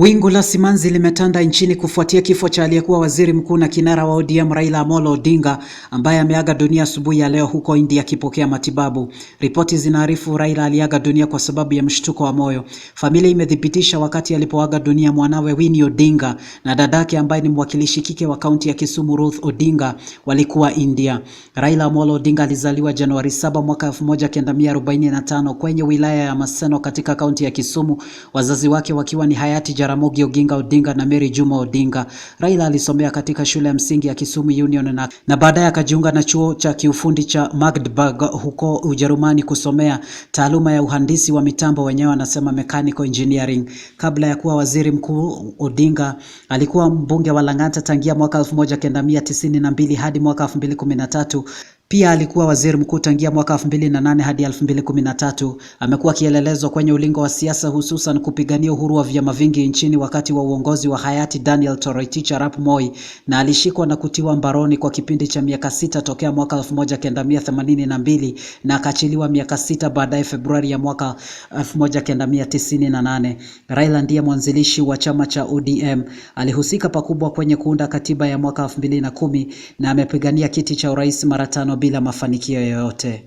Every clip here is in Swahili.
Wingu la simanzi limetanda nchini kufuatia kifo cha aliyekuwa waziri mkuu na kinara wa ODM Raila Amolo Odinga ambaye ameaga dunia asubuhi ya leo huko India akipokea matibabu. Ripoti zinaarifu Raila aliaga dunia kwa sababu ya mshtuko wa moyo. Familia imethibitisha wakati alipoaga dunia mwanawe Winnie Odinga na dadake ambaye ni mwakilishi kike wa kaunti ya Kisumu Ruth Odinga walikuwa India. Raila Amolo Odinga alizaliwa Januari 7 mwaka 1945 kwenye wilaya ya Maseno katika kaunti ya Kisumu, wazazi wake wakiwa ni hayati Jaramogi Oginga Odinga na Mary Juma Odinga. Raila alisomea katika shule ya msingi ya Kisumu Union na, na baadaye akajiunga na chuo cha kiufundi cha Magdeburg huko Ujerumani kusomea taaluma ya uhandisi wa mitambo, wenyewe anasema mechanical engineering. Kabla ya kuwa waziri mkuu, Odinga alikuwa mbunge wa Lang'ata tangia mwaka 1992 hadi mwaka 2013. Pia alikuwa waziri mkuu tangia mwaka 2008 hadi 2013. Amekuwa akielelezwa kwenye ulingo wa siasa, hususan kupigania uhuru wa vyama vingi nchini wakati wa uongozi wa hayati Daniel Toroitich arap Moi, na alishikwa na kutiwa mbaroni kwa kipindi cha miaka sita tokea mwaka 1982 na akachiliwa miaka sita baadaye Februari ya mwaka 1998. Raila ndiye mwanzilishi wa chama cha ODM, alihusika pakubwa kwenye kuunda katiba ya mwaka 2010 na amepigania kiti cha urais mara tano bila mafanikio yoyote.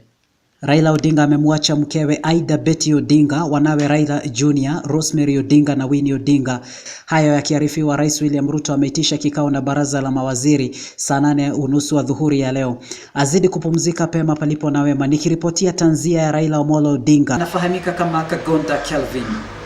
Raila Odinga amemwacha mkewe Aida Betty Odinga, wanawe Raila Junior, Rosemary Odinga na Winnie Odinga. Hayo yakiarifiwa, Rais William Ruto ameitisha kikao na baraza la mawaziri saa nane unusu adhuhuri ya leo. Azidi kupumzika pema palipo na wema. Nikiripotia tanzia ya Raila Omolo Odinga, anafahamika kama Kagonda Kelvin.